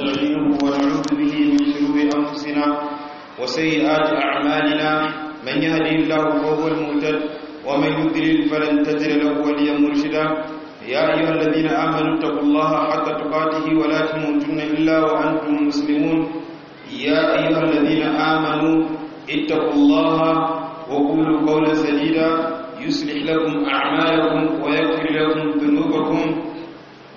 ونستعينه ونعوذ به من شرور أنفسنا وسيئات أعمالنا من يهدي الله فهو المهتد ومن يضلل فلن تجد له وليا مرشدا يا أيها الذين آمنوا اتقوا الله حتى تقاته ولا تموتن إلا وأنتم مسلمون يا أيها الذين آمنوا اتقوا الله وقولوا قولا سديدا يصلح لكم أعمالكم ويغفر لكم ذنوبكم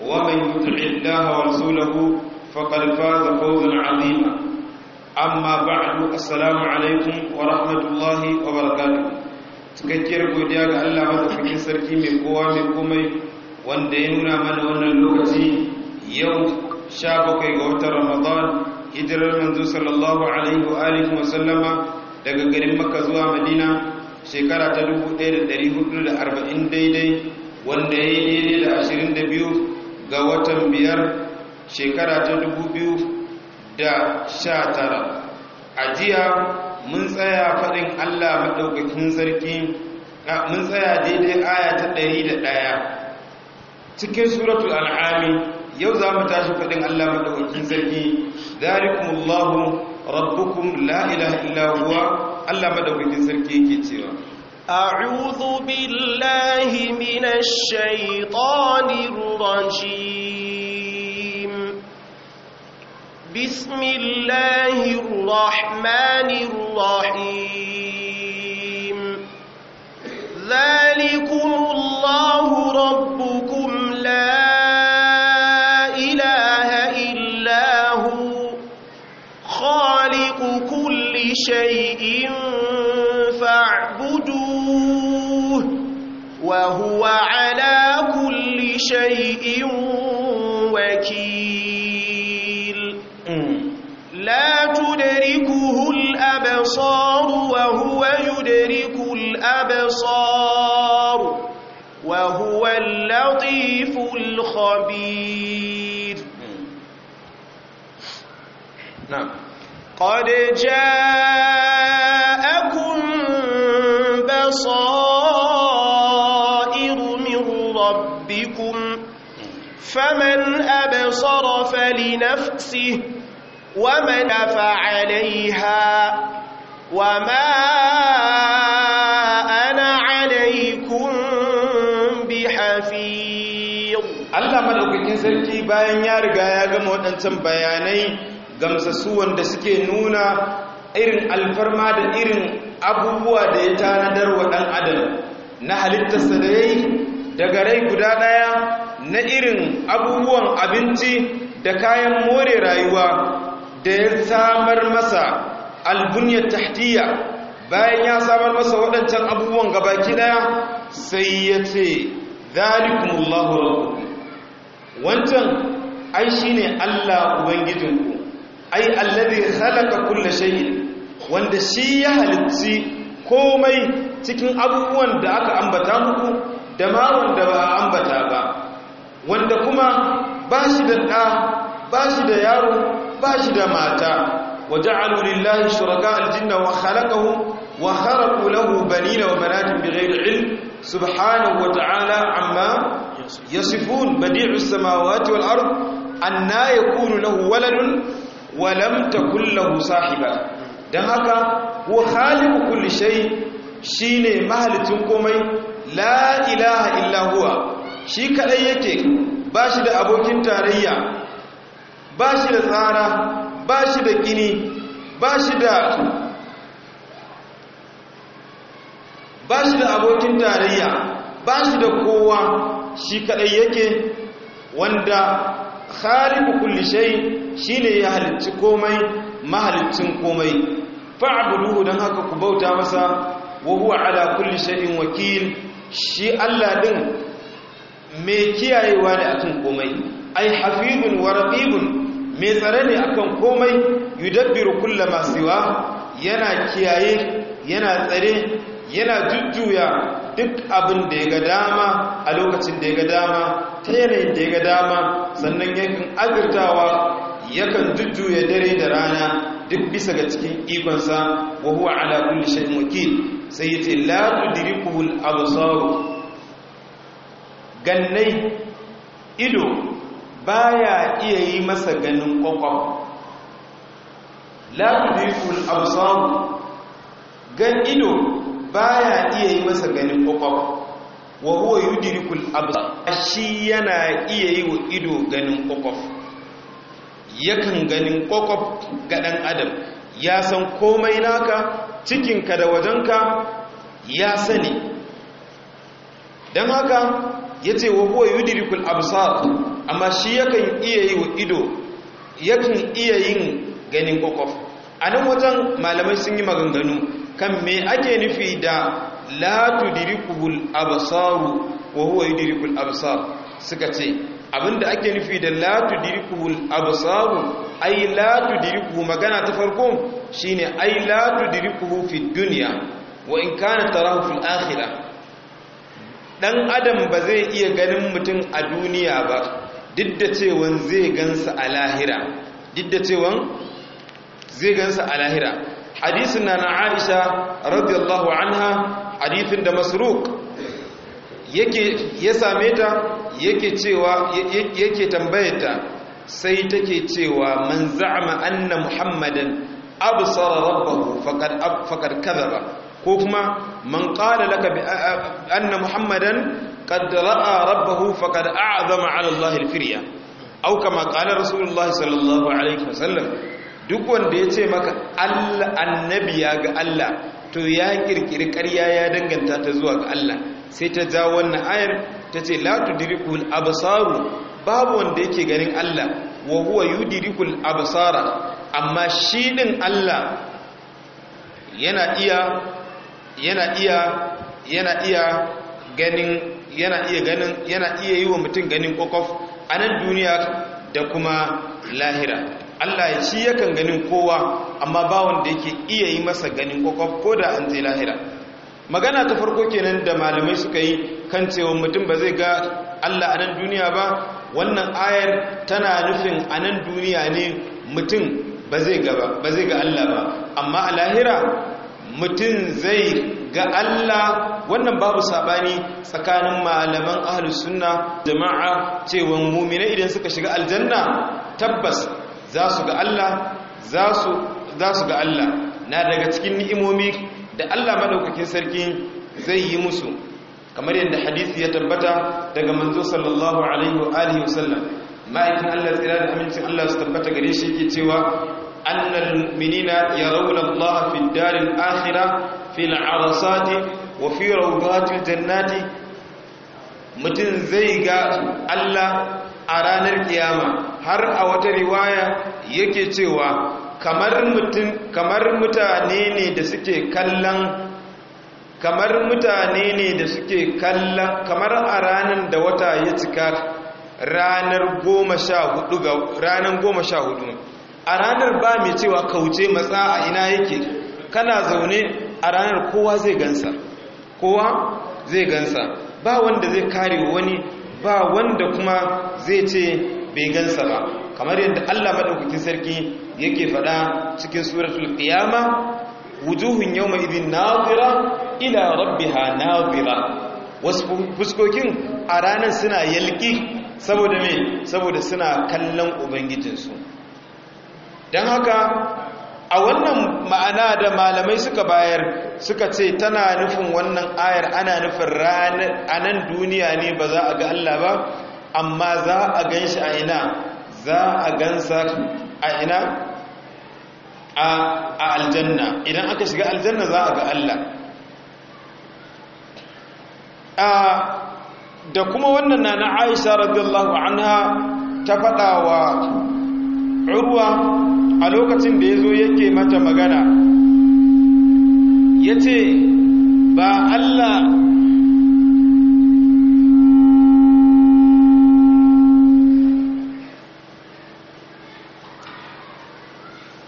ومن يطع الله ورسوله فقد فاز فوزا عظيما أما بعد السلام عليكم ورحمة الله وبركاته cikakkiyar godiya ga Allah madaukakin sarki mai kowa mai komai wanda ya nuna mana wannan lokaci yau sha bakwai ga watan Ramadan hijirar manzo sallallahu alaihi wa alihi wa sallama daga garin Makka zuwa Madina shekara ta 1440 daidai wanda ya yi daidai da 22 ga watan biyar shekara ta 2019 a jiya mun tsaya faɗin allah maɗaukakin sarki mun tsaya daidai aya ta 101 cikin suratul al'ami yau za mu tashi faɗin allah maɗaukakin sarki zarikumullahu rabbukum la ilaha illa allah maɗaukakin sarki yake cewa أعوذ بالله من الشيطان الرجيم بسم الله الرحمن الرحيم ذلكم الله ربكم لا إله إلا هو خالق كل شيء خبير نعم قد جاءكم بصائر من ربكم فمن أبصر فلنفسه ومن فعليها وما maɗaukakin sarki bayan ya riga ya gama waɗancan bayanai gamsassu wanda suke nuna irin alfarma da irin abubuwa da ya tanadar wa ɗan adam na halittarsa da ya daga rai guda ɗaya na irin abubuwan abinci da kayan more rayuwa da ya samar masa albunyar tahtiya bayan ya samar masa waɗancan abubuwan gabaki ɗaya sai ya ce zalikumullahu rabbukum wancan ai shine Allah ubangijinku ai allazi halaka kulle shay'in wanda shi ya halitti komai cikin abubuwan da aka ambata muku da ma wanda ba ambata ba wanda kuma ba shi da ɗa ba shi da yaro ba shi da mata ja'alu lillahi shuraka aljinna wa khalaqahum wa kharaqu lahu banina wa banatin bighayri ilm subhanahu wa ta'ala amma yasifun badi'u samawati wal ard anna yakunu lahu waladun wa lam takul lahu sahiba dan haka huwa khaliqu kulli shay shine mahalicin komai la ilaha illa huwa shi kadai yake bashi da abokin tarayya bashi da tsara bashi da kini bashi da bashi da abokin tarayya bashi da kowa shi kadai yake wanda khaliqu kulli shay ne ya halicci komai mahaliccin komai fa'buduhu dan haka ku bauta masa wa huwa ala kulli shay'in wakil shi Allah din mai kiyayewa ne akan komai ai hafizun wa raqibun me tsare ne akan komai yudabbiru kullama siwa yana kiyaye yana tsare yana jujjuya duk abin da ya ga dama a lokacin da ya ga dama ta yanayin da ya ga dama sannan yankin agirtawa yakan jujjuya dare da rana duk bisa ga cikin ikonsa wa huwa ala kulli shay'in wakil sai yace la tudrikuhu al-absar gannai ido baya iya yi masa ganin kwakwam la tudrikuhu al-absar gan ido baya iya yi masa ganin kwakwaf wa huwa yudrikul absar shi yana iya yi wa ido ganin kwakwaf yakan ganin kwakwaf ga dan adam ya san komai naka cikinka da wajenka ya sani don haka ya ce wa huwa yudrikul absar amma shi yakan iya yi wa ido yakan iya yin ganin kwakwaf a nan wajen malamai sun yi maganganu kan me ake nufi da la tudrikul absaru wa huwa yudrikul absar suka ce abinda ake nufi da la tudrikul absaru ai la tudrikuhu magana ta farko shine ai la tudrikuhu fi dunya wa in kana tarahu fil akhirah dan adam ba zai iya ganin mutum a duniya ba duk da cewan zai gansa a lahira duk da cewan zai gansa a lahira hadisin na na aisha radiyallahu anha hadisin da masruk yake ya same ta yake cewa yake ta sai take cewa man za'ama anna muhammadan absara rabbahu faqad faqad kadhaba ko kuma man qala laka bi anna muhammadan قد راى ربه فقد اعظم على الله الفريه او كما قال رسول الله صلى الله wa وسلم duk wanda ya ce maka Allah annabi ya ga Allah to ya kirkiri ƙarya ya danganta ta zuwa ga Allah sai ta ja wannan ayar ta ce la tudrikul absaru babu wanda yake ganin Allah wa huwa yudrikul absara amma shi din Allah yana iya yana iya yana iya ganin yana iya ganin yana iya yi wa mutum ganin kokof a nan duniya da kuma lahira Allah ya shi yakan ganin kowa amma ba wanda yake iya yi masa ganin kokof ko da an je lahira magana ta farko kenan da malamai suka yi kan cewa mutum ba zai ga Allah a nan duniya ba wannan ayar tana nufin a nan duniya ne mutum ba zai ga ba zai ga Allah ba amma a lahira mutum zai ga Allah wannan babu sabani tsakanin malaman ahlus sunna jama'a cewa mu'mina idan suka shiga aljanna tabbas za su ga Allah za su ga Allah na daga cikin ni'imomi da Allah madaukakin sarki zai yi musu kamar yadda hadisi ya tabbata daga manzo sallallahu alaihi wa alihi wasallam ma'aikin Allah tsira da amincin Allah su tabbata gare shi yake cewa annal mu'minina yarawna Allah fi daril akhirah fil arsati wa fi rawdatil jannati mutun zai ga Allah a ranar kiyama har a wata riwaya yake cewa kamar mutum kamar mutane ne da suke kallon kamar mutane ne da suke kallon kamar a ranar da wata ya cika ranar goma sha hudu ga ranar goma sha hudu a ranar ba mai cewa kauce matsa a ina yake kana zaune a ranar kowa zai gansa kowa zai gansa ba wanda zai kare wani ba wanda kuma zai ce bai gansa ba kamar yadda Allah madaukakin sarki yake faɗa cikin suratul ƙiyama, wujuhun yau yawma idhin nadira ila rabbiha nadira wasu fuskokin a ranar suna yalki saboda me saboda suna kallon ubangijinsu don haka a wannan ma'ana da malamai suka bayar suka ce tana nufin wannan ayar ana nufin ranar a nan duniya ne ba za a ga Allah ba amma za a gan shi a ina za a gansa a ina a aljanna idan aka shiga aljanna za a ga Allah da kuma wannan na na aisha radiyallahu anha ta faɗa wa urwa a lokacin da ya zo yake mata magana ya ce ba Allah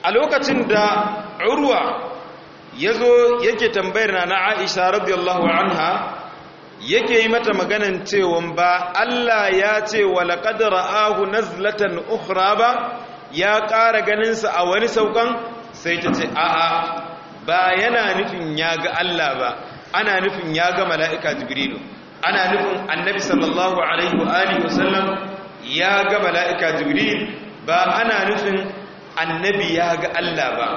a lokacin da urwa ya zo yake tambayar na na aisha radiyallahu anha yake yi mata maganan cewa ba Allah ya ce wa laƙadar ahu nazlatan ukhra ba ya ƙara ganinsa a wani saukan sai ta ce a'a ba yana nufin ya ga Allah ba ana nufin ya ga mala'ika jibrilu ana nufin annabi sallallahu alaihi wa alihi wasallam ya ga mala'ika jibril ba ana nufin annabi ya ga Allah ba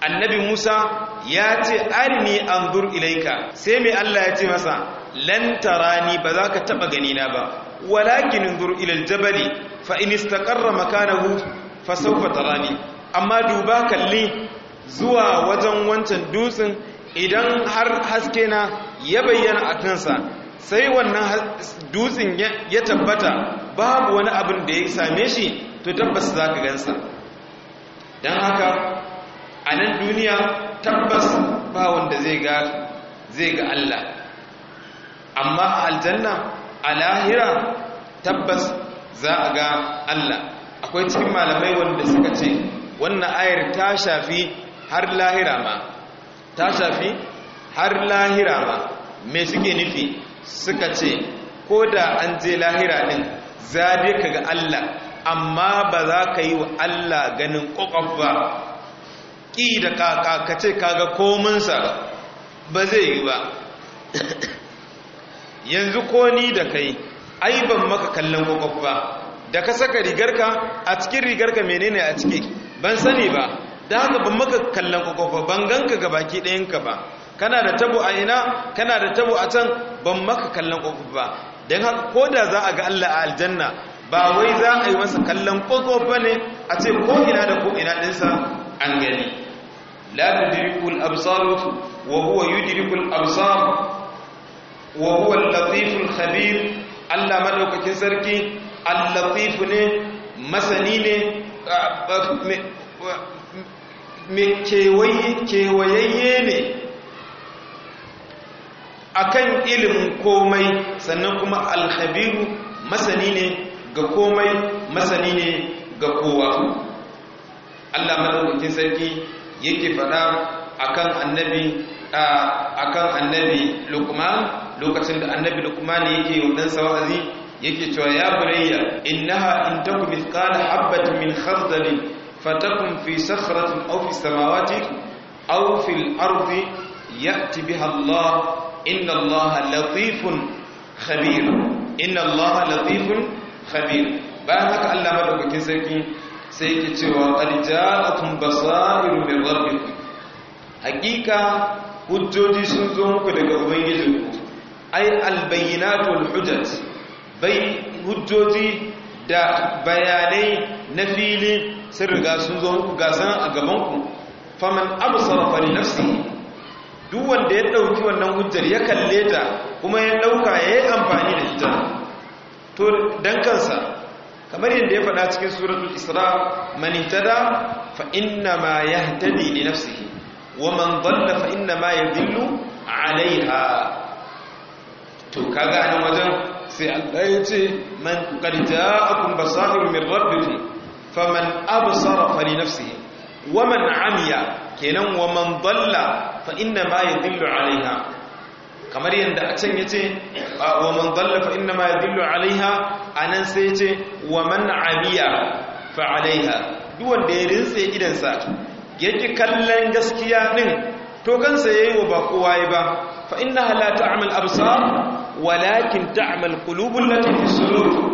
annabi Musa ya ce arini anzur ilaika sai mai Allah ya ce masa Lantara ni ba za ka taɓa ganina ba walakin anzur ilal jabali fa in istaqarra makanahu fasaufa rani. amma duba kalli zuwa wajen wancan dutsen idan har haske na ya bayyana a kansa sai wannan dutsen ya tabbata babu wani abin da ya same shi to tabbas za ka gansa don haka a nan duniya tabbas ba wanda zai ga Allah amma a aljanna a lahira tabbas za a ga Allah akwai cikin malamai wanda suka ce wannan ayar ta shafi har lahira ma ta shafi har lahira ma me suke nufi suka ce ko da an je lahira din za dai ka ga Allah amma ba za ka yi wa Allah ganin ƙwaƙwaf ba ƙi da ka kaga kominsa ba zai yi ba yanzu ko ni da kai ai ban maka kallon ƙwaƙwaf ba da ka saka rigarka a cikin rigarka menene a ciki ban sani ba da haka ban maka kallon kwakwafa ban ganka ga baki ɗayanka ba kana da tabo a ina kana da tabo a can ban maka kallon kwakwafa ba don haka ko da za a ga Allah a aljanna ba wai za a yi masa kallon kwakwafa ne a ce ko ina da ko ina ɗinsa an gani la tudrikul absar wa huwa yudrikul absar wa huwa al al khabir Allah madaukakin sarki al-latif ne masani ne me ne akan ilimin komai sannan kuma alhabiru masani ne ga komai masani ne ga kowa Allah madaukakin sarki yake faɗa akan annabi akan annabi Luqman lokacin da annabi ne yake yaudan wa'azi yake cewa ya burayya innaha in taku mithqala habatin min khardalin fatakun fi sakhratin aw fi samawati aw fi al ardi ya'ti biha Allah inna Allah latifun khabir inna Allah latifun khabir ba haka Allah madaukakin sarki sai yake cewa qad basairu min rabbikum hakika hujjoji sun zo muku daga ubangijinku ay al-bayyinatu albayyinatu hujjat bai hujjoji da bayanai na fili sun riga sun zo ga gasan a gabanku faman abu sarrafari nafsi duk wanda ya ɗauki wannan hujjar ya kalle ta kuma ya ɗauka ya yi amfani da ita to dan kansa kamar yadda ya faɗa cikin suratul isra man ihtada fa inna ma yahtadi li nafsihi wa man dhalla fa inna ma yadhillu alaiha to kaga a wajen sai Allah ya ce man qad ja'akum basairun min rabbikum faman absara fali nafsihi waman amiya kenan waman dalla fa inna ma yadillu alaiha kamar yanda a can yace waman dalla fa inna ma yadillu alaiha anan sai yace waman amiya fa alaiha duk wanda ya rinse idansa yake kallon gaskiya din to kansa yayi wa ba kowa ba فإنها لا تعمى الأبصار ولكن تعمى القلوب التي في الصدور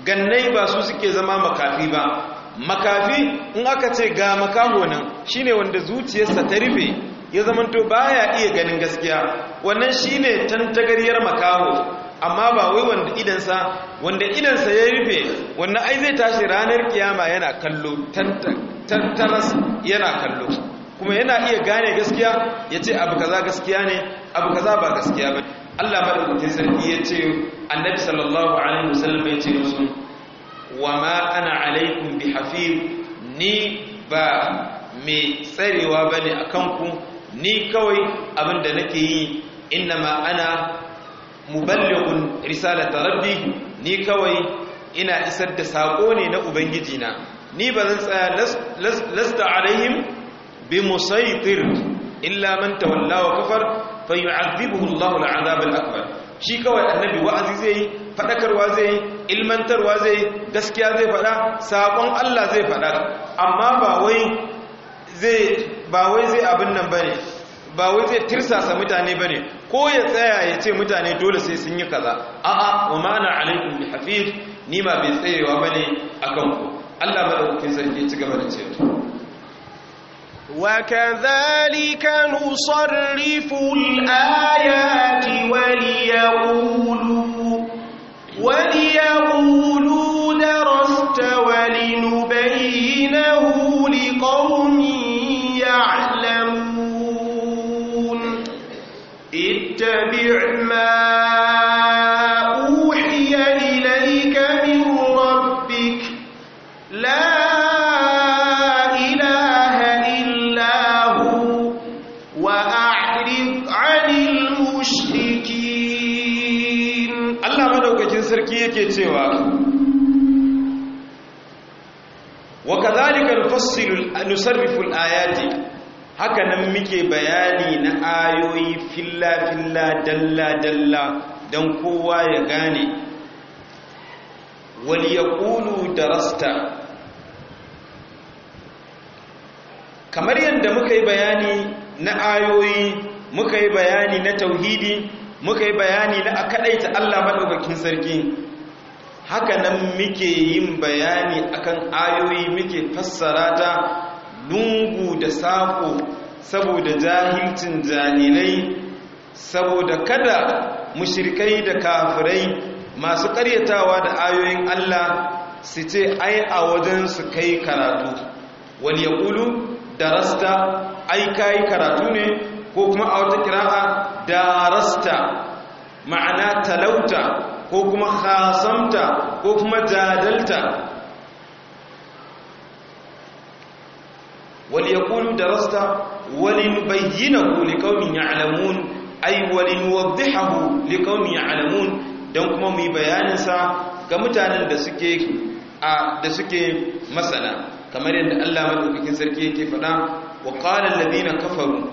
gannai ba su suke zama makafi ba makafi in aka ce ga makaho nan shine wanda zuciyarsa ta rufe ya zamanto baya iya ganin gaskiya wannan shine tantagaryar makaho amma ba wai wanda idansa wanda idansa ya rufe wannan ai zai tashi ranar kiyama yana kallo tantaras yana kallo kuma yana iya gane gaskiya ya ce abu kaza gaskiya ne abu kaza ba gaskiya ba Allah kuke sarki ya ce annabi sallallahu alaihi wasallam bai ce musu wa ma ana alaikum bi hafiz ni ba mai tsarewa bane akan ku ni kawai abin da nake yi ma ana muballighun risalata rabbi ni kawai ina isar da sako ne na ubangiji na ni ba zan tsaya lasta alaihim bimusaitir illa man tawalla wa kafar fayu'adhibuhu Allahu al'adab akbar shi kawai annabi wa'azi zai yi fadakarwa zai yi ilmantarwa zai yi gaskiya zai faɗa, saƙon Allah zai faɗa. amma ba wai zai abin nan ne, ba wai zai tirsasa mutane ne, ko ya tsaya ya ce mutane dole sai sun yi kaza a'a wa ma'ana alaikum bi hafiz ma bai tsayewa ne a kanku. Allah madaukakin sarki ci gaba da cewa وكذلك نصرف الآيات وليقولوا ولي nusarrifu al’ayati haka nan muke bayani na ayoyi filla-filla dalla-dalla don kowa ya gane waliyakulu da rasta kamar yadda muka yi bayani na ayoyi muka yi bayani na tauhidi muka yi bayani na a allah maɗaukakin sarki haka nan muke yin bayani akan ayoyi muke fassara ta lungu da sako saboda jahilcin janilai saboda kada mushrikai da kafirai masu ƙaryatawa da ayoyin Allah su ce ai a wajen su kai karatu wani ya ƙulu da rasta ai kai karatu ne ko kuma a wata kira'a da rasta ma'ana talauta ko kuma khasamta ko kuma jadalta wali yaqulu darasta wali nubayyinahu liqaumin ya'lamun ay wali nuwaddihahu liqaumin ya'lamun dan kuma mu bayanin sa ga mutanen da suke a da suke masana kamar yadda Allah madaukakin sarki yake faɗa wa qala alladhina kafaru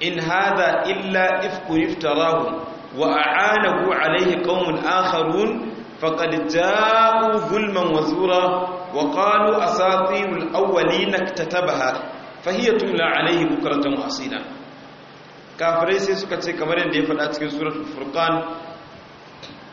in hadha illa ifkun iftarahu wa a'anahu alaihi qaumun akharun faqad ja'u zulman wa zura wa qalu asatirul awwalin iktatabaha fahiya tumla alaihi bukratan wa asila kafirai sai suka ce kamar yadda ya faɗa cikin suratul furqan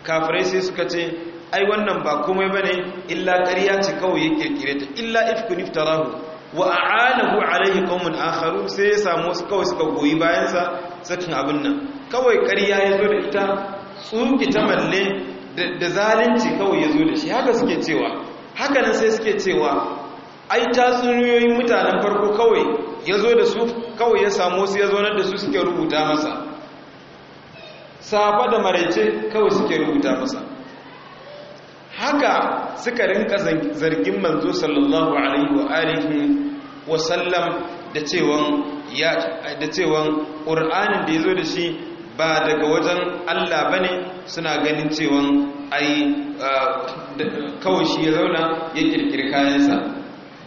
kafirai sai suka ce ai wannan ba komai bane illa ƙarya ce kawai ya kirkire illa ifkun iftarahu wa a'anahu alaihi qaumun akharun sai ya samu kawai suka goyi bayansa sakin abin nan kawai ƙarya ya zo da ita tsuki ta malle da zalunci kawai ya zo da shi haka suke cewa haka nan sai suke cewa ai tatsuniyoyi mutanen farko kawai ya zo da su kawai ya samu su ya zonar da su suke rubuta masa safa da maraice kawai suke rubuta masa haka suka rinka zargin manzo sallallahu alaihi wa alihi wa sallam da cewan ƙur'anin da ya zo da shi ba daga wajen Allah ba ne suna ganin cewan ai kawai shi ya zauna ya kirkiri kayansa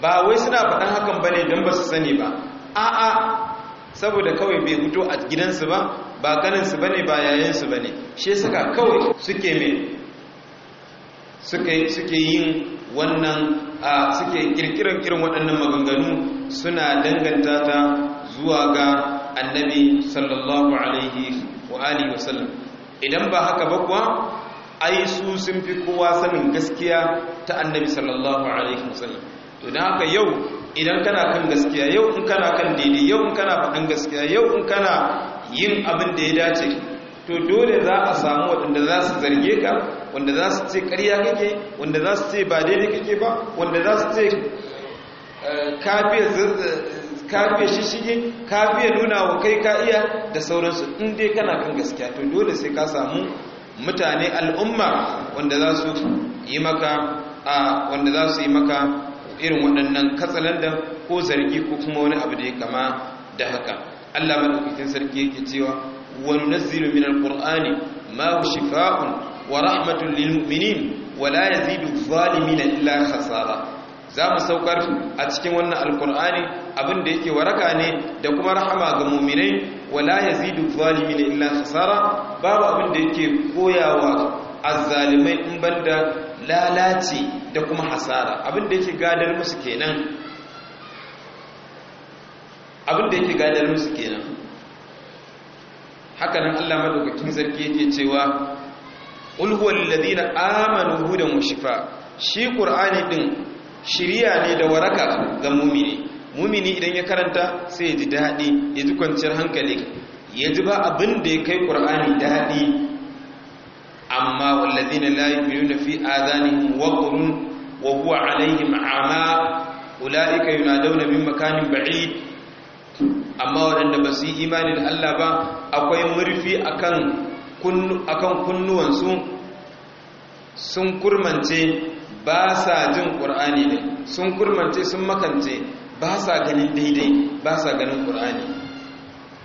ba wai suna faɗan hakan ba ne don ba su sani ba a'a saboda kawai bai fito a gidansu ba ba ganinsu ba ne, ba yayansu bane shi suka kawai suke yin wannan suke kirkirar kirin waɗannan maganganu suna danganta ta zuwa ga annabi sallallahu alaihi wa alihi wasallam idan ba haka ba kuwa ai su sun fi kowa sanin gaskiya ta annabi sallallahu alaihi wasallam to dan haka yau idan kana kan gaskiya yau in kana kan daidai yau in kana faɗin gaskiya yau in kana yin abin da ya dace to dole za a samu waɗanda za su zarge ka wanda za su ce ƙarya kake wanda za su ce ba daidai kake ba wanda za su ce eh, kafiyar shishige kafiyar nuna wa kai ka iya da sauransu in dai kana kan gaskiya to dole sai ka samu mutane al'umma wanda za su yi maka a wanda za su yi maka irin waɗannan katsalandan ko zargi ko kuma wani abu da ya kama da haka Allah madaukakin sarki yake cewa wani nazirin minar qur'ani ma shifa'un wa rahmatul lil mu'minin wa la yazidu zalimina illa khasara zamu saukar a cikin wannan alqur'ani abin da yake waraka ne da kuma rahama ga mu'minai wa la yazidu zalimina illa khasara babu abin da yake koyawa azzalimai in banda lalaci da kuma hasara abin da yake gadar musu kenan abin da yake gadar musu kenan haka nan Allah madaukakin sarki yake cewa ulhuwal ladina amanu hudan shifa shi qur'ani din shiriya ne da waraka ga mumini mumini idan ya karanta sai ya ji daɗi ya ji kwanciyar hankali ya ji ba abin da ya kai qur'ani daɗi amma walladina la yu'minuna fi adanihim waqrun wa huwa alaihim ama ulaika yunadawna min makanin ba'id amma waɗanda ba su yi imani da Allah ba akwai murfi akan akan kunnuwansu sun kurmance ba sa jin ƙur'ani ne sun kurmance sun makance ba sa ganin daidai ba sa ganin ƙur'ani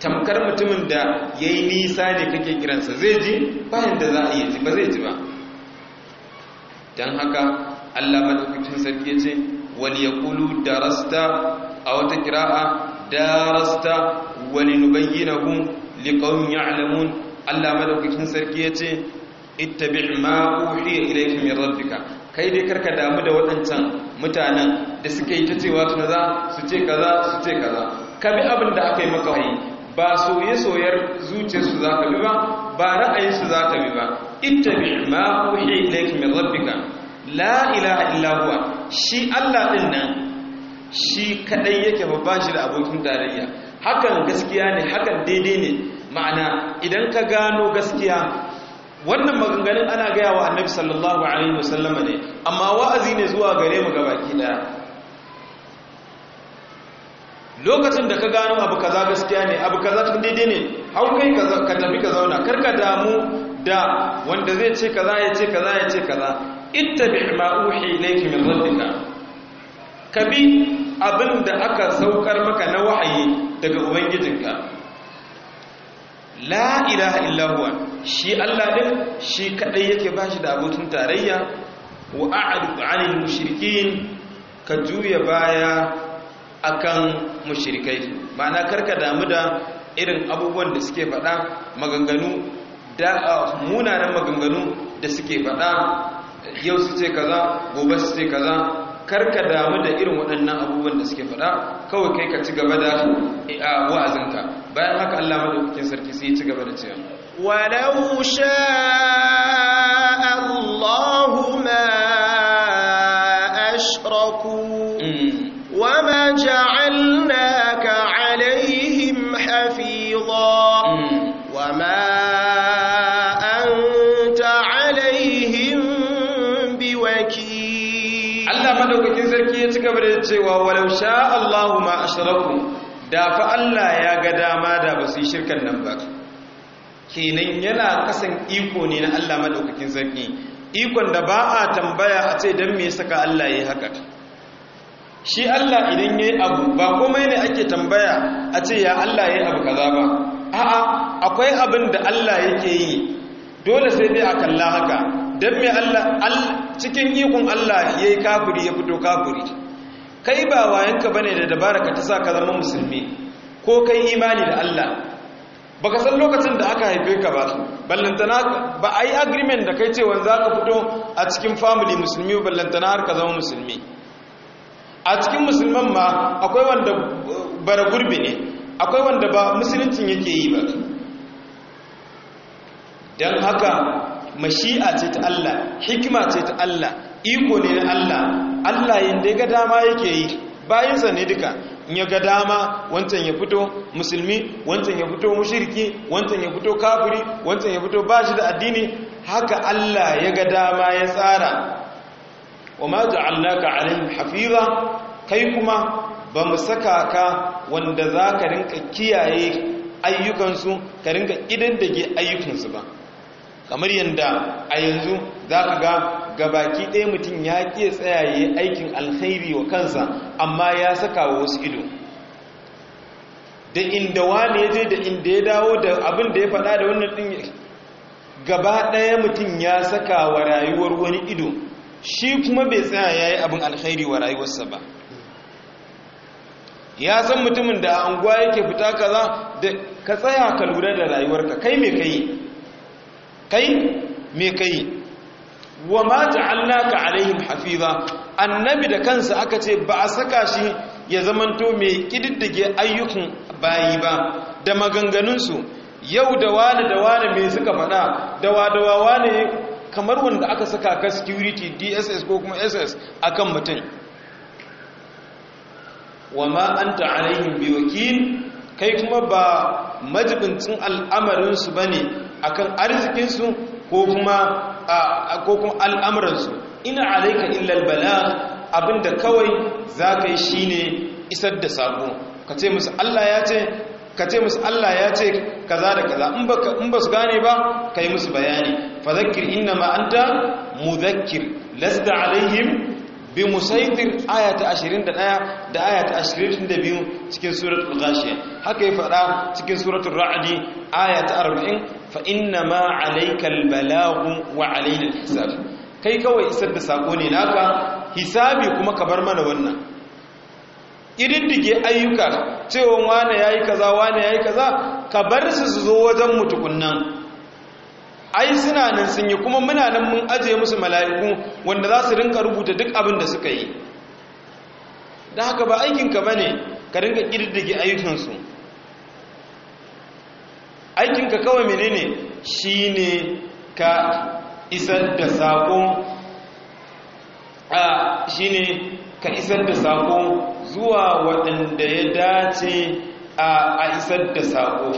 tamkar mutumin da ya yi nisa ne kake kiransa zai ji bayan da za a yi ji ba zai ji ba don haka allah maɗaukacin sarki ce wani ya kulu da a wata kira'a darasta rasta wani nubayyanahu liƙon ya'lamun Allah madaukakin sarki ya ce ittabi ma ilayka min rabbika kai dai karka damu da waɗancan mutanen da suke yi ta cewa tun za su ce kaza su ce kaza ka bi abin da aka yi maka wahayi ba soye-soyar zuciyarsu za ka bi ba ba ra'ayinsu za ka bi ba ittabi ma ilayka min rabbika la ilaha illa huwa shi Allah din nan shi kadai yake babban shi da abokin tarayya hakan gaskiya ne hakan daidai ne ma'ana idan ka gano gaskiya wannan maganganun ana gaya wa annabi sallallahu alaihi wasallam ne amma wa'azi ne zuwa gare mu gabaki daya lokacin da ka gano abu kaza gaskiya ne abu kaza tun daidai ne har kai ka tafi ka zauna kar ka damu da wanda zai ce kaza ya ce kaza ya ce kaza ittabi ma uhi ilayka min rabbika kabi abin da aka saukar maka na wahayi daga ubangijinka la ilaha illahuwa shi Allah din shi kaɗai yake ba shi da abokin tarayya wa a'ridu 'anil ka juya baya akan mushrikai ma'ana karka damu da irin abubuwan da suke faɗa maganganu da munanan maganganu da suke faɗa yau su ce kaza gobe su ce kaza karka damu da irin waɗannan abubuwan da suke faɗa kawai kai ka ci gaba da wa'azinka bayan haka Allah madaukakin sarki sai ci gaba da cewa da fa Allah ya ga dama da ba su yi shirkan nan ba kenan yana kasan iko ne na Allah madaukakin sarki ikon da ba a tambaya a ce dan me saka Allah yayi haka shi Allah idan yayi abu ba komai ne ake tambaya a ce ya Allah yayi abu kaza ba a'a akwai abin da Allah yake yi dole sai dai a kalla haka dan me Allah cikin ikon Allah yayi kafiri ya fito kafiri kai ba wayanka bane da dabara ka ta sa ka zama musulmi ko kai imani da Allah baka san lokacin da aka haife ka ba ballantana ba ai agreement da kai cewa za fito a cikin family musulmi ballantana har ka zama musulmi a cikin musulman ma akwai wanda bara gurbi ne akwai wanda ba musuluncin yake yi ba dan haka mashi'a ce ta Allah hikima ce ta Allah iko ne na Allah Allah yin da ya ga dama yake yi bayinsa ne duka in ya ga dama wancan ya fito musulmi wancan ya fito mushirki wancan ya fito kafiri wancan ya fito bashi da addini haka Allah ya ga dama ya tsara wa ma ja'alnaka alaihim hafiza kai kuma ba mu saka ka wanda za ka rinka kiyaye ayyukansu ka rinka idan da ke ayyukansu ba kamar yadda a yanzu za ka ga gabaki ɗaya mutum ya ƙi tsayaye aikin alkhairi wa kansa amma ya saka wa wasu ido da inda wane ya je da inda ya dawo da abin da ya faɗa da wannan ɗin gaba ɗaya mutum ya saka wa rayuwar wani ido shi kuma bai tsaya ya yi abin alkhairi wa rayuwarsa ba ya san mutumin da anguwa yake fita kaza da ka tsaya ka lura da rayuwarka kai me kai kai me kai wa ma ja'alnaka alaihim hafiza annabi da kansa aka ce ba a saka shi ya zamanto mai kididdige ayyukan bayi ba da maganganunsu yau da wani da wani mai suka faɗa da wadawa wani kamar wanda aka saka ka security dss ko kuma ss akan mutum wa ma anta alaihim biwakil kai kuma ba majibincin al'amarinsu bane akan arzikinsu ko kuma ko kuma al'amuransu ina alaika illal bala abinda kawai za ka yi shi ne isar da sako ka ce musu Allah ya ce ka ce musu Allah ya ce kaza da kaza in ba su gane ba ka yi musu bayani Fa zakir inna ma'anta mu muzakkir lasda alaihim bi musaitir aya ta 21 da aya ta 22 cikin suratul ghashiya haka ya fada cikin suratul ra'd aya ta 40 fa inna ma alaykal balagu wa alaynal hisab kai kawai isar da sako ne naka hisabi kuma ka bar mana wannan ididdige ayyuka cewa wane yayi kaza wane yayi kaza ka bar su su zo wajen mutukunnan ai suna nan sun yi kuma muna nan mun aje musu mala'iku wanda za su rinka rubuta duk abin da suka yi da haka ba aikinka ba ne ka rinka ƙirɗige ayyukansu aikinka kawai menene shi ka isar da saƙo a shi ne ka isar da saƙo zuwa waɗanda ya dace a isar da saƙo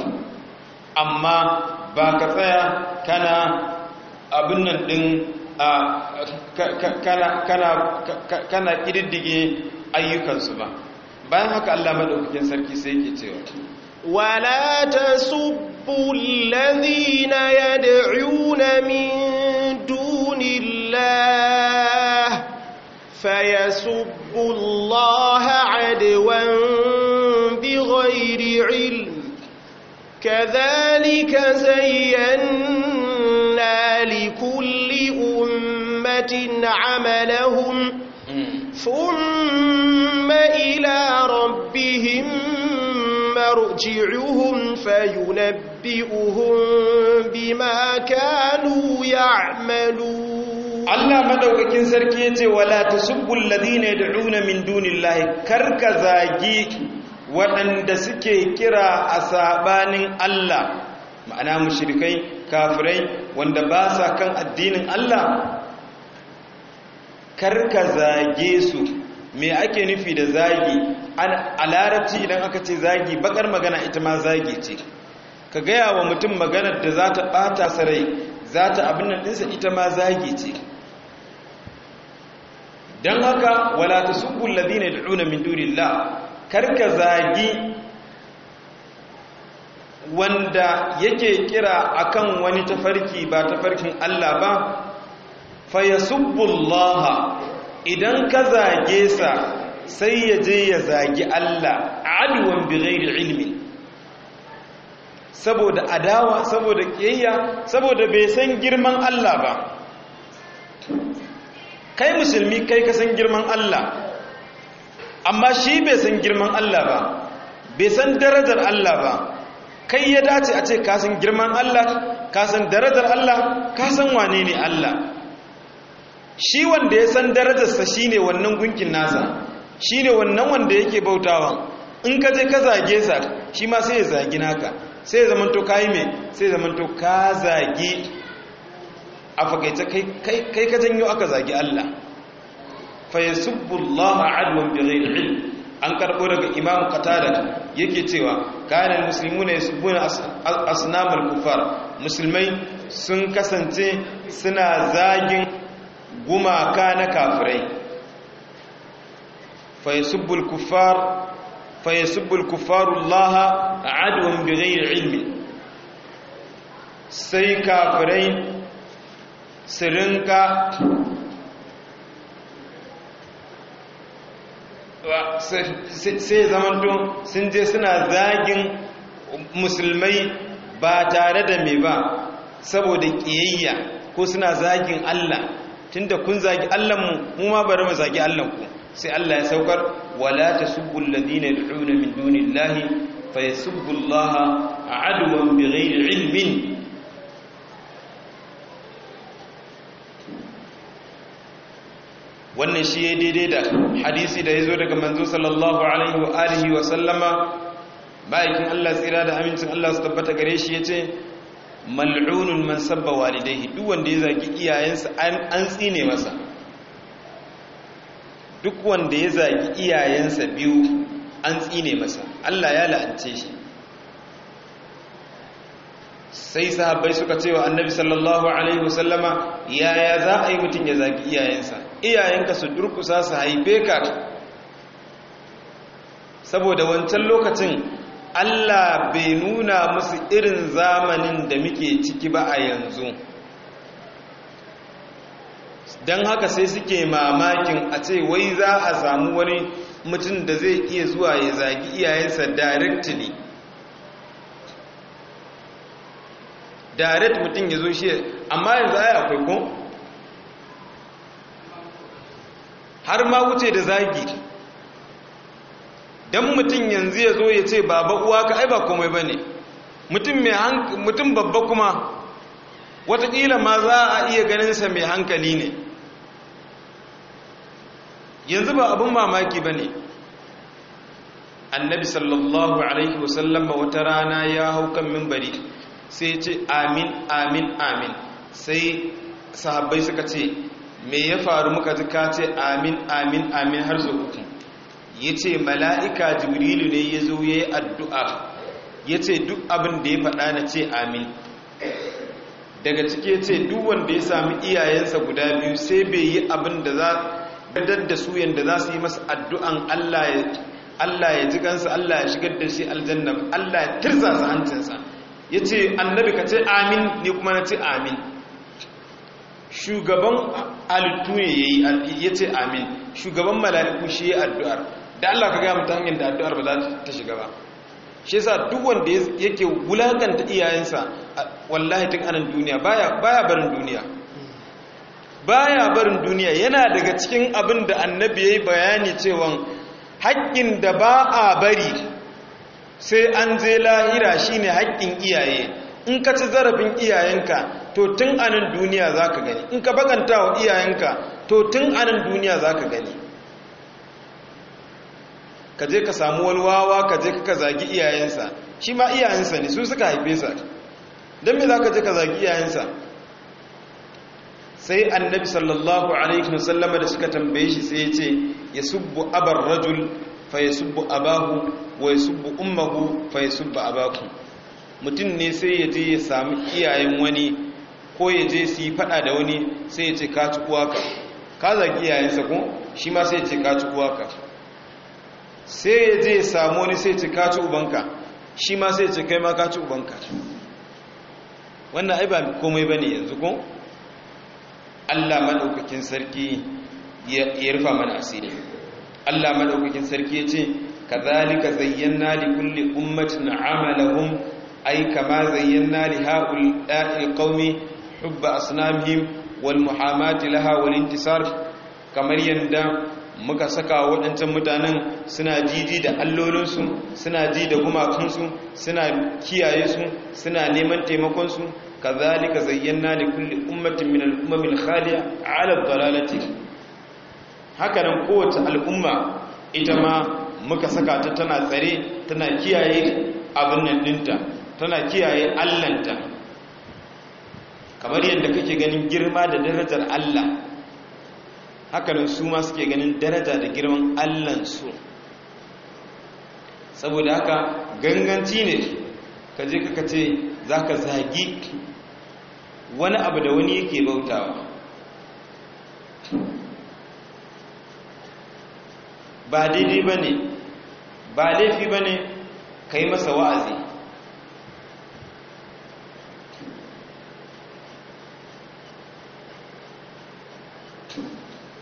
amma ba ka tsaya kana abin nan ɗin kana ƙididdige ayyukansu ba bayan haka allah maɗaukakin sarki sai ke cewa wala ta subbu na ya da'una min ya fayasubbu laha adawan bi ghairi ilm كذلك زينا لكل أمة عملهم ثم إلى ربهم مرجعهم فينبئهم بما كانوا يعملون Allah madaukakin sarki yace wala tasubbul ladina yad'una min dunillahi karka zagi waɗanda suke kira a saɓanin Allah ma'ana mushrikai kafirai wanda ba sa kan addinin Allah karka zage su me ake nufi da zagi a larabci idan aka ce zagi bakar magana ita ma zagi ce ka gaya wa mutum maganar da za ta ɓata sarai za ta abin nan ɗinsa ita ma zagi ce don haka wala ta subbul da ɗuna min la. karka zagi wanda yake kira akan wani tafarki ba tafarkin Allah ba fa yasubbullaha idan ka zage sa sai ya je ya zagi Allah aduwan ghairi ilmi saboda adawa saboda kiyayya saboda bai san girman Allah ba kai musulmi kai ka san girman Allah amma shi bai san girman Allah ba bai san darajar Allah ba kai ya dace a ce ka san girman Allah ka san darajar Allah ka san wane ne Allah shi wanda ya san darajarsa shine wannan gunkin nasa shine wannan wanda yake bautawa in ka je ka zage sa shi ma sai ya zagi naka sai to kai me sai to ka zagi a fakaice kai ka janyo aka zagi Allah fa yasubbu Allah adwan bighayri ilm an karbo daga Imam Qatada yake cewa kana muslimuna yasubbuna asnamul kufar musulmai sun kasance suna zagin gumaka na kafirai fa yasubbul kufar fa yasubbul kufaru Allah adwan bighayri ilm sai kafirai su sai zamanto sun je suna zagin musulmai ba tare da mai ba saboda ƙiyayya ko suna zagin Allah tunda kun zagi Allahnmu mu ma bari mu zagi Allahnku sai Allah ya saukar wala tasubbu alladhina yad'una min dunillahi fayasubbu Allah a'duwan bighayri ilmin wannan shi ya daidai da hadisi da ya zo daga manzo sallallahu alaihi wa alihi wa sallama bayan Allah tsira da amincin Allah su tabbata gare shi ya ce mal'unun man sabba walidaihi duk wanda ya zagi iyayensa an tsine masa duk wanda ya zagi iyayensa biyu an tsine masa Allah ya la'ance shi sai sahabbai suka ce wa annabi sallallahu alaihi sallama yaya za a yi mutum ya zagi iyayensa iyayenka su durkusa su haife ka saboda wancan lokacin Allah bai nuna musu irin zamanin da muke ciki ba a yanzu don haka sai suke mamakin a ce wai za a samu wani mutum da zai iya zuwa ya zagi iyayensa directly direct mutum ya zo shi amma yanzu ai akwai ko har ma wuce da zagi don mutum yanzu ya zo ya ce baba uwa ka ai ba komai ba ne mutum babba kuma watakila ma za a iya sa mai hankali ne yanzu ba abin mamaki ba ne annabi sallallahu alaihi wasallama wata rana ya hau kan mimbari sai ce amin amin amin sai sahabbai suka ce me ya faru muka ji ka ce amin amin amin har zo uku ya ce mala'ika jibrilu ne ya zo ya yi addu'a ya ce duk abin da ya faɗa na ce amin daga cike ce duk wanda ya sami iyayensa guda biyu sai bai yi abin da za gadar da su yadda za su yi masa addu'an Allah ya ji kansa Allah ya shigar da shi aljanna Allah ya tirza su hancinsa ya ce annabi ka ce amin ne kuma na ce amin shugaban halittu ne ya yi ya ce amin shugaban mala'iku shi ya addu'ar da Allah ka gaya mutu hanyar da addu'ar ba za ta shiga ba shi yasa duk wanda yake wulakanta iyayensa wallahi tun anan duniya baya barin duniya baya barin duniya yana daga cikin abin da annabi ya yi bayani cewa haƙƙin da ba a bari sai an je lahira shine haƙƙin iyaye in ka ci zarafin iyayenka to tun anan duniya za ka gani in ka baganta wa iyayenka to tun anan duniya za ka gani ka je ka samu wani wawa ka je ka zagi iyayensa shi ma iyayensa ne su suka haife sa don me za ka je ka zagi iyayensa sai annabi sallallahu alaihi wasallama da suka tambaye shi sai ya ce ya subbu abar rajul fa ya subbu abahu wa ya subbu ummahu fa ya subbu abaku mutum ne sai ya je ya sami iyayen wani ko ya je su yi fada da wani sai ya ce ka ci uwa ka ka zagi iyayensa ko shi ma sai ya ce ka ci uwa ka sai ya je ya samu wani sai ya ce ka ci ubanka shi ma sai ya ce kai ma ka ci ubanka wannan ai ba komai bane yanzu ko Allah madaukakin sarki ya rufa mana asiri Allah madaukakin sarki ya ce kadhalika zayyana likulli ummatin amalahum أي كما زينا hubba القوم حب أصنامهم والمحاماة لها والانتصار كما يندى muka saka waɗancan mutanen suna jiji da allolinsu suna ji da gumakansu suna kiyaye su suna neman taimakonsu ka zalika zayyana da kulle ummatin min al'ummamin khaliya alab dalalati haka nan kowace al'umma ita ma muka saka ta tana tsare tana kiyaye abin nan ɗinta tana kiyaye allanta kamar yadda kake ganin girma da darajar allah hakanan su ma suke ganin daraja da girman allansu saboda haka ganganci ne ka je ka kace za ka zagi wani abu da wani yake bautawa ba daidai ba ba laifi ba ne ka yi masa wa'azi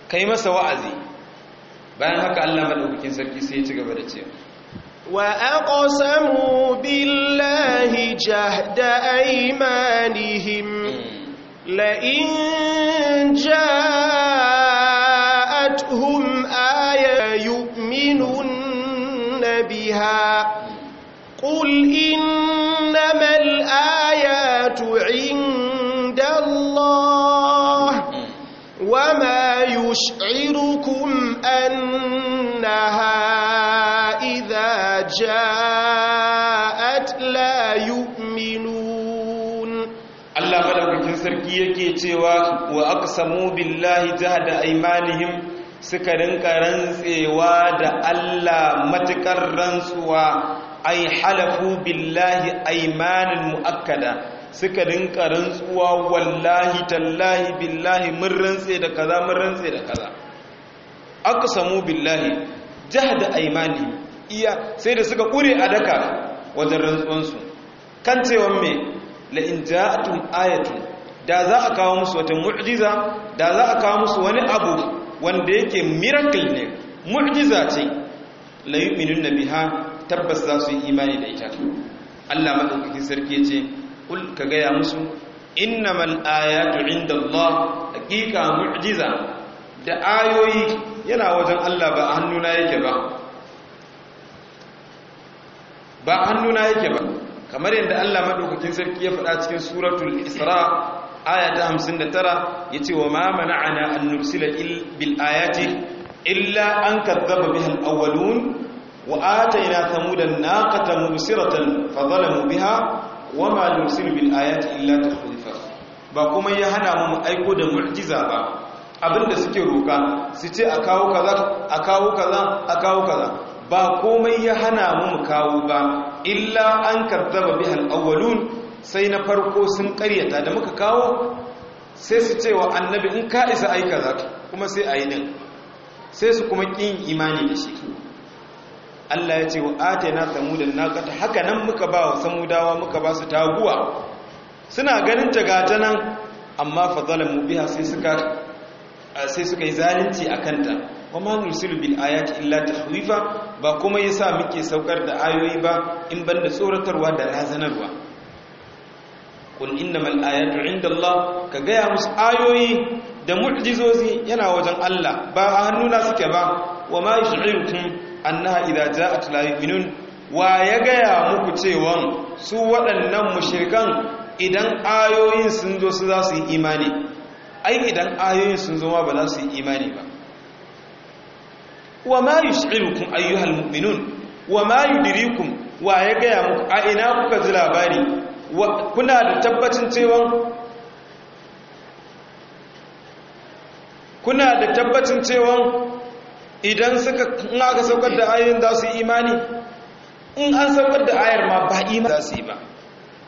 kai masa wa'azi bayan haka Allah madaukakin sarki sai ya ci gaba da cewa wa aqsamu billahi jahda aymanihim la in ja'atuhum ayatu yu'minun biha يعركم أنها إذا جاءت لا يؤمنون الله ملوكين سركي yake cewa wa aqsamu billahi da aymanihim suka rinka rantsewa da Allah matukar rantsuwa ai halafu billahi aymanin muakkada suka dinka rantsuwa wallahi tallahi billahi mun rantse da kaza mun rantse da kaza aka samu billahi jahda aimani iya sai da suka kure a daka wajen su kan cewa me la in ja'atum ayatun da za a kawo musu wata mu'jiza da za a kawo musu wani abu wanda yake miracle ne mu'jiza ce la yu'minun biha tabbas za su yi imani da ita Allah madaukakin sarki ya ce kul ka gaya musu innamal ayatu inda Allah haqiqa mu'jiza da ayoyi yana wajen Allah ba hannuna yake ba ba hannuna yake ba kamar yadda Allah madaukakin sarki ya faɗa cikin suratul Isra aya ta 59 yace wa ma mana'ana an nursila bil ayati illa an kadzdzaba biha al awwalun wa atayna thamuda an naqata mubsiratan fa zalamu biha wa ma nursilu bil ayati illa takhwifa ba kuma ya hana mu aiko da mu'jiza ba abinda suke roka su ce a kawo kaza a kawo kaza a kawo kaza ba komai ya hana mu mu kawo ba illa an bi al awwalun sai na farko sun karyata da muka kawo sai su ce wa annabi in ka isa aika za kuma sai a din sai su kuma ƙin imani da shi Allah ya ce wa atayna na naqata haka nan muka ba wa samudawa muka ba su taguwa suna ganin ta gata nan amma fa zalamu biha sai suka sai suka yi zalunci akan ta wa ma nursilu bil ayati illa ta tahwifa ba kuma yasa muke saukar da ayoyi ba in banda tsoratarwa da razanarwa qul innamal ayatu indallah ka gaya musu ayoyi da mu'jizozi yana wajen Allah ba a hannuna suke ba wa ma yash'irukum annaha idza ja'at la yu'minun wa ya gaya muku cewan su waɗannan mushrikan idan ayoyin sun zo su za su yi imani ai idan ayoyin sun zo ma ba za su yi imani ba wa ma yus'irukum ayyuhal mu'minun wa ma yudrikum wa ya gaya muku a ina kuka ji labari kuna da tabbacin cewa kuna da tabbacin cewa idan suka in aka saukar da ayoyin za su yi imani in an saukar da ayar ma ba imani za su yi ba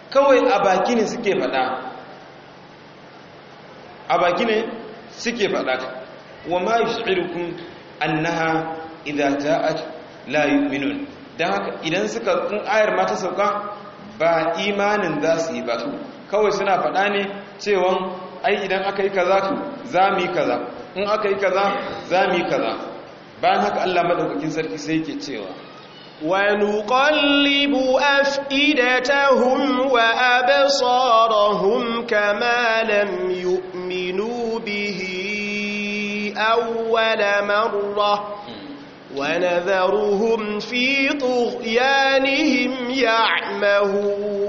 kawai a baki ne suke faɗa a baki ne suke faɗa wa ma yushirukum annaha idata a layu minun don haka idan suka in ayar ma ta sauka ba imanin za su yi ba kawai suna faɗa ne cewon ai idan aka yi kaza za mu yi kaza in aka yi kaza za mu yi kaza bayan haka Allah madaukakin sarki sai yake cewa wa nuqallibu afidatahum wa absarahum kama lam yu'minu bihi awwala marrah ونذرهم في طغيانهم يعمهون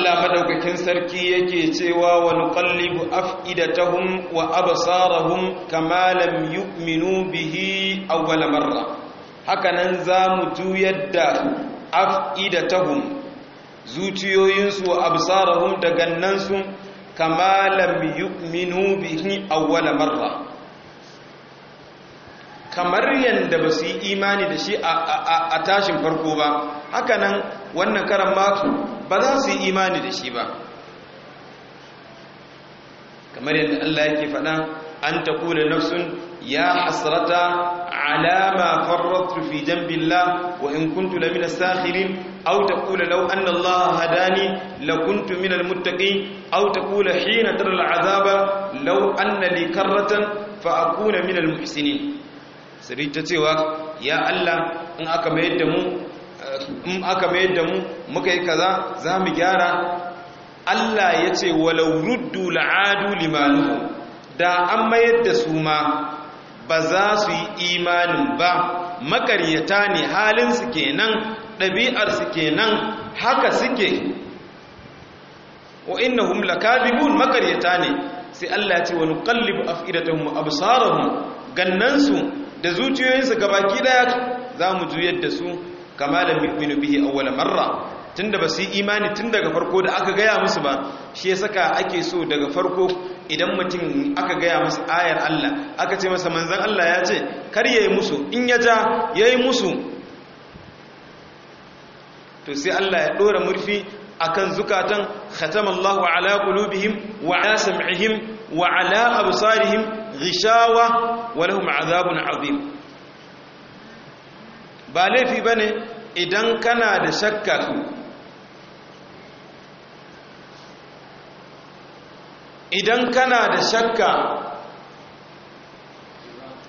Allah madaukakin sarki yake cewa wa nuqallibu af'idatahum wa absarahum kama lam yu'minu bihi awwal marra hakanan zamu juyar da af'idatahum zuciyoyinsu wa absarahum nan su kama lam yu'minu bihi awwal marra kamar yanda ba su yi imani da shi a tashin farko ba hakanan wannan karan ma ba za su yi imani da shi ba kamar yadda Allah yake faɗa an taqula nafsun ya hasrata ala ma farratu fi jambillah wa in kuntu lamina sakhirin aw taqula law anna Allah hadani lakuntu minal muttaqin aw taqula hina tara al'azaba law anna li karratan fa akuna minal muhsinin sai ta cewa ya Allah in aka mayar da mu in aka mayar da mu muka yi kaza za mu gyara Allah ya ce walau ruddu la'adu limanu da an mayar da su ma ba za su yi imanin ba makaryata ne halinsu kenan ɗabi'arsu kenan haka suke wa innahum lakadibun makaryata ne sai Allah ya ce wa mu afidatahum absarahum gannansu da zuciyoyinsu gabaki daya za mu juyar da su kama da mu'minu bihi awwala marra tunda ba su imani tun daga farko da aka gaya musu ba shi ya saka ake so daga farko idan mutum aka gaya musu ayar Allah aka ce masa manzan Allah ya ce kar ya yi musu in ya ja ya yi musu to sai Allah ya ɗora murfi akan zukatan khatamallahu ala qulubihim wa ala sam'ihim wa ala absarihim ghishawa wa lahum azabun azim ba laifi ba ne idan kana da shakka idan kana da shakka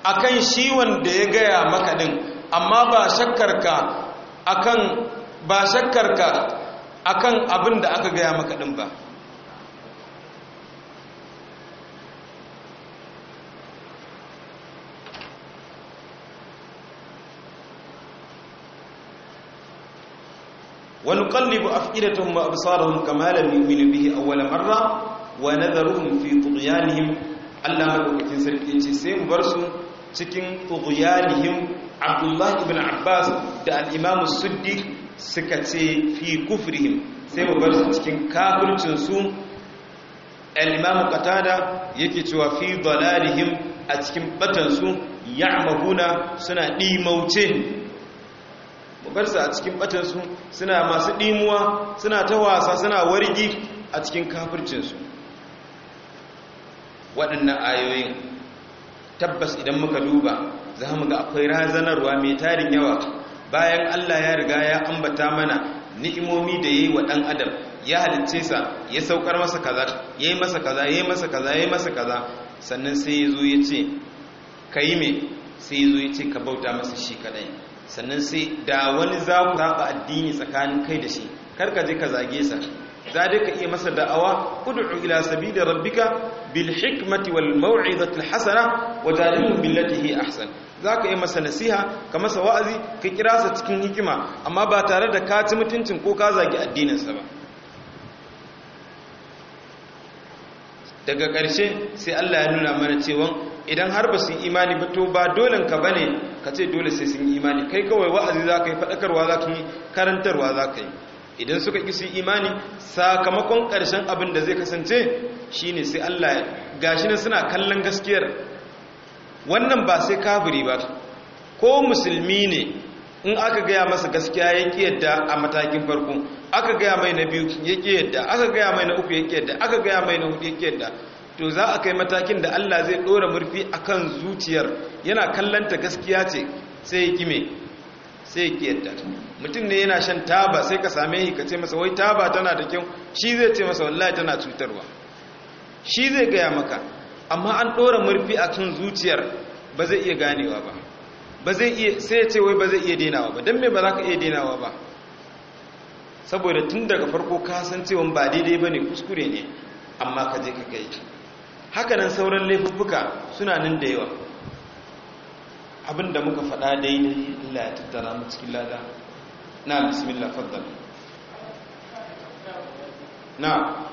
akan shi wanda ya gaya maka din amma ba ka akan ba ka akan abin da aka gaya maka din ba ونقلب أفئدتهم وأبصارهم كما لم يؤمنوا به أول مرة ونذرهم في طغيانهم الله مدوكتين سرقين سيم برسو cikin tughyanihim Abdullah ibn Abbas da al-Imam Suddi suka ce fi kufrihim sai mu bar su cikin kafircin su al-Imam Qatada yake cewa fi dalalihim a cikin batansu su suna ɗimauce. babarsa a cikin batansu suna masu ɗimuwa suna ta wasa suna wargi a cikin kafircinsu waɗannan ayoyin tabbas idan muka duba za mu ga akwai razanarwa mai tarin yawa bayan allah ya riga ya ambata mana ni'imomi da ya yi wa ɗan adam ya halicce sa ya saukar masa kaza ya yi masa kaza ya yi masa kaza ya yi masa kaza sannan sai ya zo ya ce ka yi mai sai ya zo ya ce ka bauta masa shi kadai sannan sai da wani za ku zaɓa addini tsakanin kai da shi karka je ka zage sa za dai ka iya masa da'awa ud'u ila sabili rabbika bil hikmati wal maw'izati al hasana wa jadilhum billati ahsan za ka yi masa nasiha ka masa wa'azi ka kira sa cikin hikima amma ba tare da ka ci mutuncin ko ka addinin sa ba daga ƙarshe sai Allah ya nuna mana cewa idan har ba su imani ba to ba dolen ka bane ka ce dole sai sun imani kai kawai wa'azi za ka yi faɗakarwa za ka yi karantarwa za ka yi idan suka ƙi su imani sakamakon ƙarshen abin da zai kasance shi ne sai Allah ya gashi ne suna kallon gaskiyar wannan ba sai kafiri ba ko musulmi ne in aka gaya masa gaskiya ya ƙi yadda a matakin farko aka gaya mai na biyu ya ƙi yadda aka gaya mai na uku ya ƙi yadda aka gaya mai na hudu ya ƙi yadda to za a kai matakin da Allah zai ɗora murfi a kan zuciyar yana kallanta gaskiya ce sai ya ƙi sai ya ƙi yadda mutum ne yana shan taba sai ka same shi ka ce masa wai taba tana da kyau shi zai ce masa wallahi tana cutarwa shi zai gaya maka amma an ɗora murfi a kan zuciyar ba zai iya ganewa ba ba zai iya sai ya ce wai ba zai iya dinawa ba don me ba za ka iya dinawa ba saboda tun daga farko ka san cewa ba daidai ba ne kuskure ne amma ka je ka hakanan sauran laifuffuka suna nan da yawa abinda muka faɗa daidai Allah ya tattara mu cikin lada na bismillah faddal na